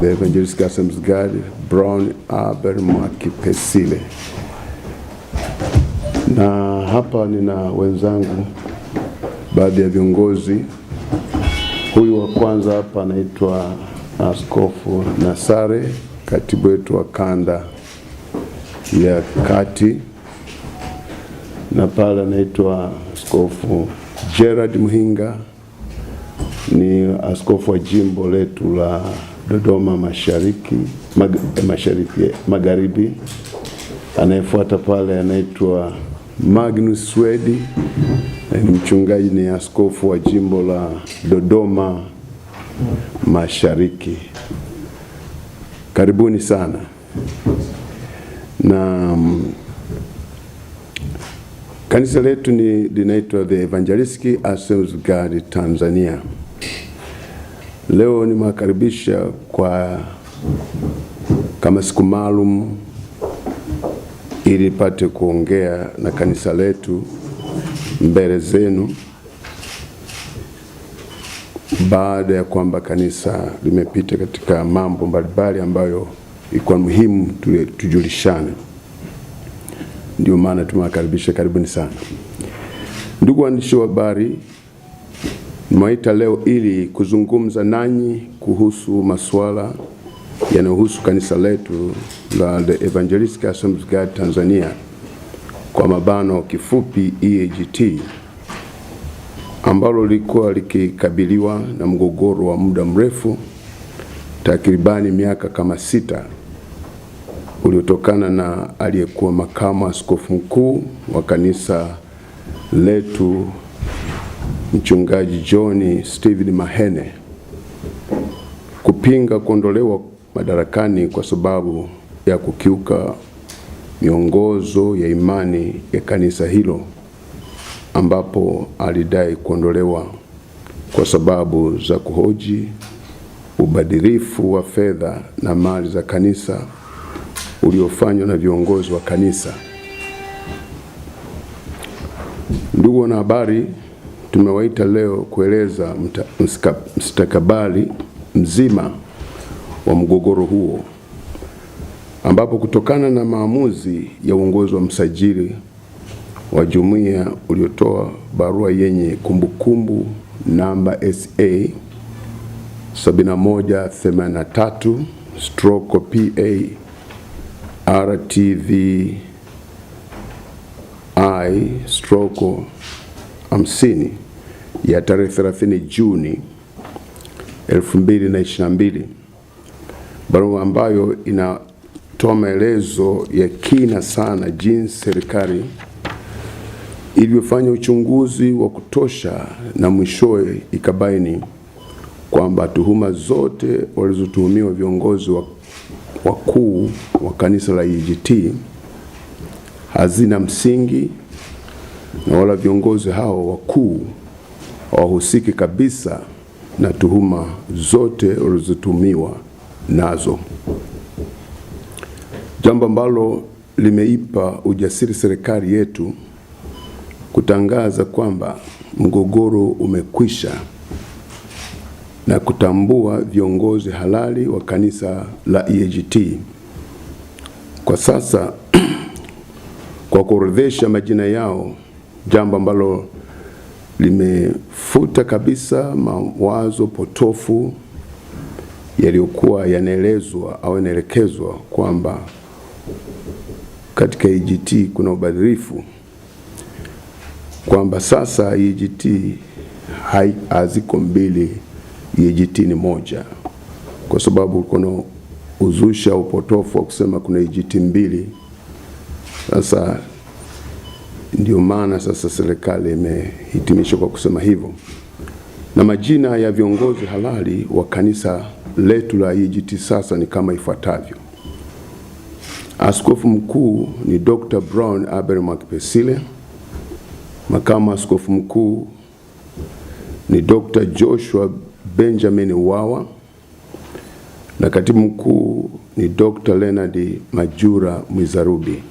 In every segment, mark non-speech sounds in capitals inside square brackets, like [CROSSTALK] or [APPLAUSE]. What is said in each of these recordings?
The Evangelist Gasem Msgadi Brown Aber Pesile. Na hapa nina wenzangu baadhi ya viongozi. Huyu wa kwanza hapa anaitwa Askofu Nasare, katibu wetu wa kanda ya kati, na pale anaitwa Askofu Gerard Mhinga, ni askofu wa jimbo letu la Dodoma Mashariki mag, Mashariki Magharibi, anayefuata pale anaitwa Magnus Swedi, ni eh, mchungaji, ni askofu wa jimbo la Dodoma Mashariki. Karibuni sana na mm, kanisa letu ni linaitwa The Evangelistic Assemblies of God Tanzania. Leo nimewakaribisha kwa kama siku maalum ili pate kuongea na kanisa letu mbele zenu, baada ya kwamba kanisa limepita katika mambo mbalimbali ambayo ilikuwa muhimu tujulishane. Ndio maana tumewakaribisha, karibuni sana ndugu waandishi wa habari. Nimewaita leo ili kuzungumza nanyi kuhusu masuala yanayohusu kanisa letu la The Evangelistic Assemblies of God Tanzania, kwa mabano kifupi EAGT, ambalo lilikuwa likikabiliwa na mgogoro wa muda mrefu takribani miaka kama sita uliotokana na aliyekuwa makamu askofu mkuu wa kanisa letu Mchungaji John Steven Mahene kupinga kuondolewa madarakani kwa sababu ya kukiuka miongozo ya imani ya kanisa hilo, ambapo alidai kuondolewa kwa sababu za kuhoji ubadhirifu wa fedha na mali za kanisa uliofanywa na viongozi wa kanisa. Ndugu wanahabari, tumewaita leo kueleza mstakabali mzima wa mgogoro huo ambapo kutokana na maamuzi ya uongozi wa msajili wa jumuiya uliotoa barua yenye kumbukumbu namba SA 7183 stroke PA RTV I stroke hamsini ya tarehe 30 Juni 2022 barua ambayo inatoa maelezo ya kina sana jinsi serikali ilivyofanya uchunguzi wa kutosha na mwishowe ikabaini kwamba tuhuma zote walizotuhumiwa viongozi wakuu wa kanisa la EAGT hazina msingi na wala viongozi hao wakuu hawahusiki kabisa na tuhuma zote walizotumiwa nazo, jambo ambalo limeipa ujasiri serikali yetu kutangaza kwamba mgogoro umekwisha na kutambua viongozi halali wa kanisa la EAGT kwa sasa [CLEARS THROAT] kwa kuorodhesha majina yao jambo ambalo limefuta kabisa mawazo potofu yaliyokuwa yanaelezwa au yanaelekezwa kwamba katika EGT kuna ubadhirifu, kwamba sasa EGT haziko mbili, EGT ni moja, kwa sababu kuna uzusha upotofu wa kusema kuna EGT mbili sasa Ndiyo maana sasa serikali imehitimisha kwa kusema hivyo, na majina ya viongozi halali wa kanisa letu la EAGT sasa ni kama ifuatavyo: Askofu mkuu ni Dr. Brown Abel Mwakipesile. Makamu askofu mkuu ni Dr. Joshua Benjamin Wawa na katibu mkuu ni Dr. Leonard Majura Mwizarubi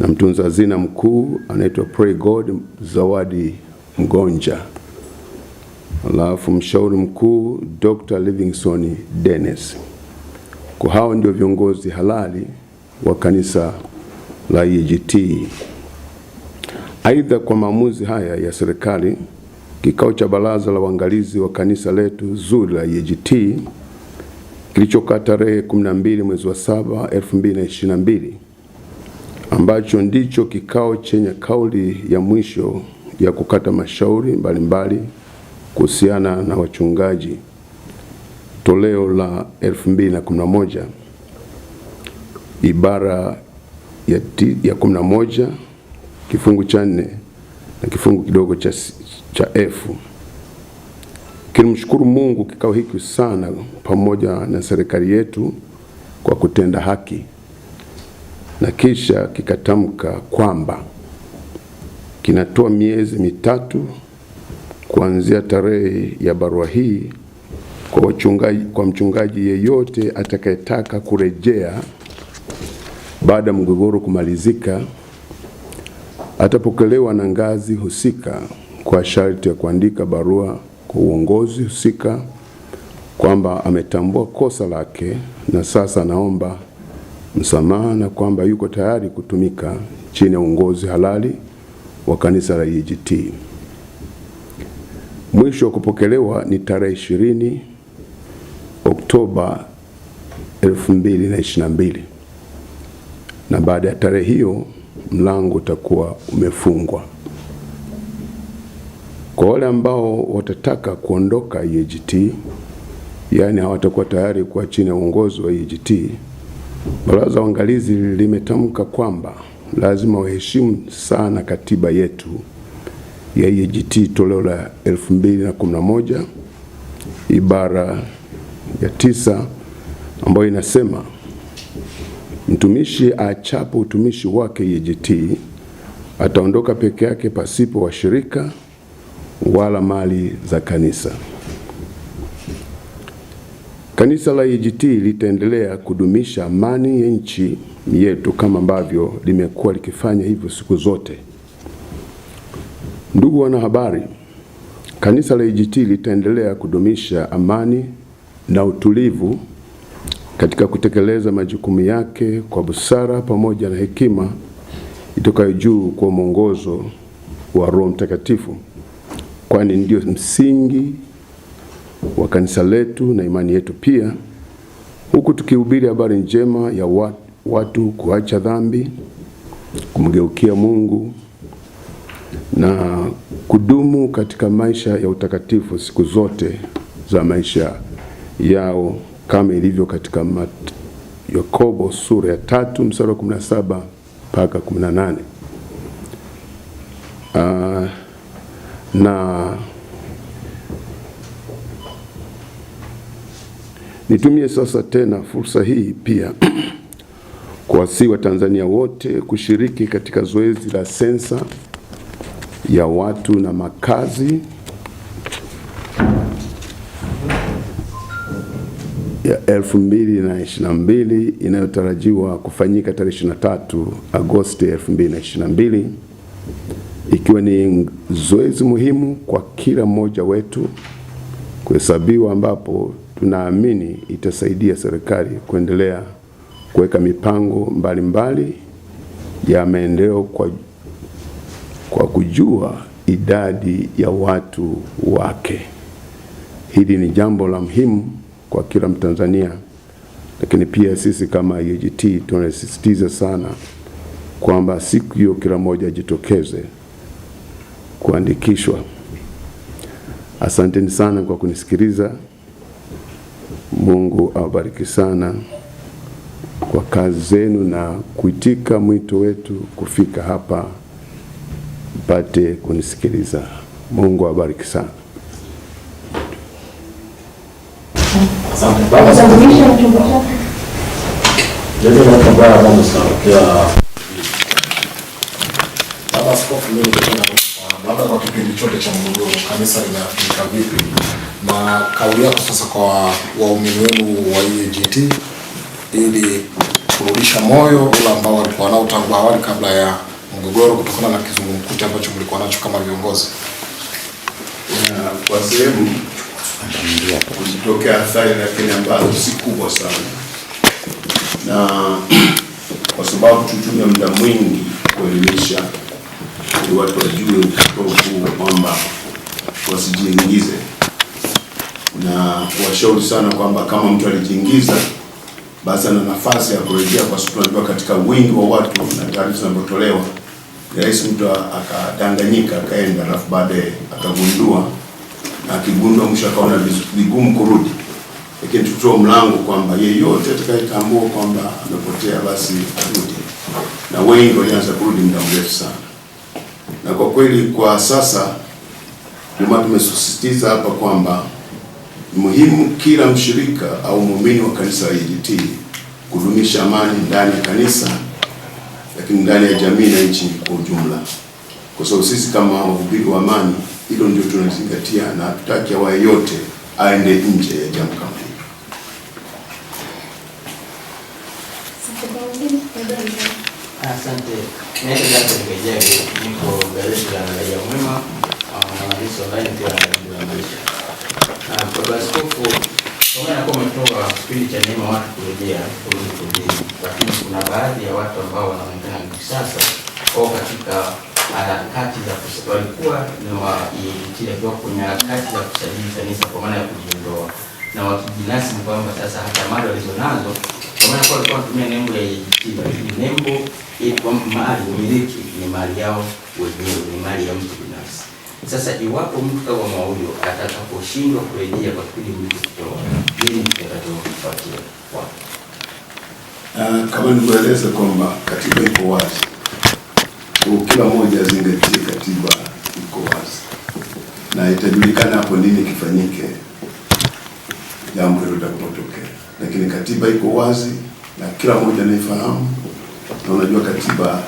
na mtunza hazina mkuu anaitwa Pray God Zawadi Mgonja, alafu mshauri mkuu Dr. Livingston Dennis. Kwa hao ndio viongozi halali wa kanisa la EAGT. Aidha, kwa maamuzi haya ya serikali, kikao cha baraza la waangalizi wa kanisa letu zuri la EAGT kilichokaa tarehe 12 mwezi wa 7 2022 ambacho ndicho kikao chenye kauli ya mwisho ya kukata mashauri mbalimbali kuhusiana na wachungaji toleo la 2011 ibara ya 11 kifungu cha nne na kifungu kidogo cha, cha F. Kinimshukuru Mungu kikao hiki sana pamoja na serikali yetu kwa kutenda haki na kisha kikatamka kwamba kinatoa miezi mitatu kuanzia tarehe ya barua hii kwa wachungaji, kwa mchungaji yeyote atakayetaka kurejea baada ya mgogoro kumalizika, atapokelewa na ngazi husika kwa sharti ya kuandika barua kwa uongozi husika kwamba ametambua kosa lake na sasa anaomba msamaha na kwamba yuko tayari kutumika chini ya uongozi halali wa kanisa la EAGT. Mwisho wa kupokelewa ni tarehe 20 Oktoba 2022 na baada ya tarehe hiyo mlango utakuwa umefungwa. Kwa wale ambao watataka kuondoka EAGT, yaani hawatakuwa tayari kuwa chini ya uongozi wa EAGT Baraza uangalizi limetamka kwamba lazima waheshimu sana katiba yetu ya eagt toleo la 2011 ibara ya tisa ambayo inasema mtumishi achapo utumishi wake eagt ataondoka peke yake pasipo washirika wala mali za kanisa. Kanisa la EAGT litaendelea kudumisha amani ya nchi yetu kama ambavyo limekuwa likifanya hivyo siku zote. Ndugu wanahabari, kanisa la EAGT litaendelea kudumisha amani na utulivu katika kutekeleza majukumu yake kwa busara pamoja na hekima itokayo juu kwa mwongozo wa Roho Mtakatifu, kwani ndio msingi wa kanisa letu na imani yetu pia, huku tukihubiri habari njema ya watu kuacha dhambi, kumgeukia Mungu na kudumu katika maisha ya utakatifu siku zote za maisha yao kama ilivyo katika mat Yakobo sura ya tatu mstari wa 17 mpaka 18. Uh, na Nitumie sasa tena fursa hii pia [CLEARS THROAT] kuwasihi Watanzania wote kushiriki katika zoezi la sensa ya watu na makazi ya 2022 inayotarajiwa kufanyika tarehe 23 Agosti 2022, ikiwa ni zoezi muhimu kwa kila mmoja wetu kuhesabiwa ambapo tunaamini itasaidia serikali kuendelea kuweka mipango mbalimbali mbali ya maendeleo kwa, kwa kujua idadi ya watu wake. Hili ni jambo la muhimu kwa kila Mtanzania, lakini pia sisi kama UGT tunasisitiza sana kwamba siku hiyo kila mmoja ajitokeze kuandikishwa. Asanteni sana kwa kunisikiliza. Mungu awabariki sana kwa kazi zenu na kuitika mwito wetu kufika hapa mpate kunisikiliza. Mungu awabariki sana labda kwa kipindi chote cha mgogoro kanisa linaathirika vipi, na kauli yako sasa kwa waumini wenu wa EAGT ili kurudisha moyo ule ambao walikuwa nao tangu awali kabla ya mgogoro, kutokana na kizungumkuti ambacho mlikuwa nacho kama viongozi? Kwa uh, sehemu kujitokea athari, lakini ambazo si kubwa sana, na [CLEARS THROAT] kwa sababu tutumia muda mwingi kuelimisha ili watu wajue upotofu kwamba wasijiingize, na kuwashauri sana kwamba kama mtu alijiingiza basi ana nafasi ya kurejea, kwa sababu tunajua katika wingi wa watu na taarifa zinazotolewa ni rahisi mtu akadanganyika akaenda, alafu baadaye akagundua, na akigundua mwisho akaona vigumu kurudi. Lakini tutoe mlango kwamba yeyote atakayetambua kwamba amepotea basi arudi, na wengi walianza kurudi muda mrefu sana na kwa kweli kwa sasa ndio maana tumesisitiza hapa kwamba muhimu kila mshirika au muumini wa kanisa la EAGT kudumisha amani ndani ya kanisa, lakini ndani ya jamii na nchi kwa ujumla, kwa sababu sisi kama wahubiri wa amani, hilo ndio tunalizingatia na hatutaki awaye yote aende nje ya jambo kama Asante, naitaakejaji niko gazeti la Raia Mwema mwananchi online pia la Maisha. kwa Askofu, pamoja na kama umetoa kipindi cha neema watu kurejea kurudi kudini, lakini kuna baadhi ya watu ambao wanaonekana hivi sasa kwa katika harakati za walikuwa kwa kwenye harakati za kusajili kanisa kwa maana ya kujiondoa na wakijinasi kwamba sasa hata mali walizonazo maana kwa walikuwa wanatumia nembo ya Itilima, lakini nembo ili kwamba mali umiliki ni mali yao wenyewe, ni mali ya mtu binafsi. Sasa iwapo mtu kama mauyo atakaposhindwa kurejea kwa kipindi mlichokitoa, nini kitakachofuatia? Uh, kama nilivyoeleza kwamba katiba iko wazi, kila mmoja azingatie katiba iko wazi na itajulikana hapo nini kifanyike jambo hilo litakapotokea lakini katiba iko wazi na kila mmoja anaifahamu, na unajua katiba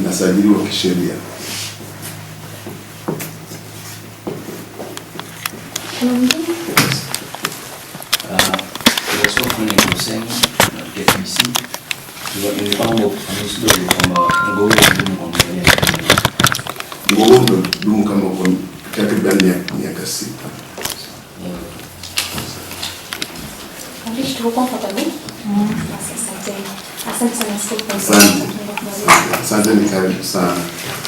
inasajiliwa kisheria. Mgogoro umedumu kama kwa takriban miaka sita. Mwandishi tuko comfortable. Asante sana. Asante sana. Asante, karibu sana.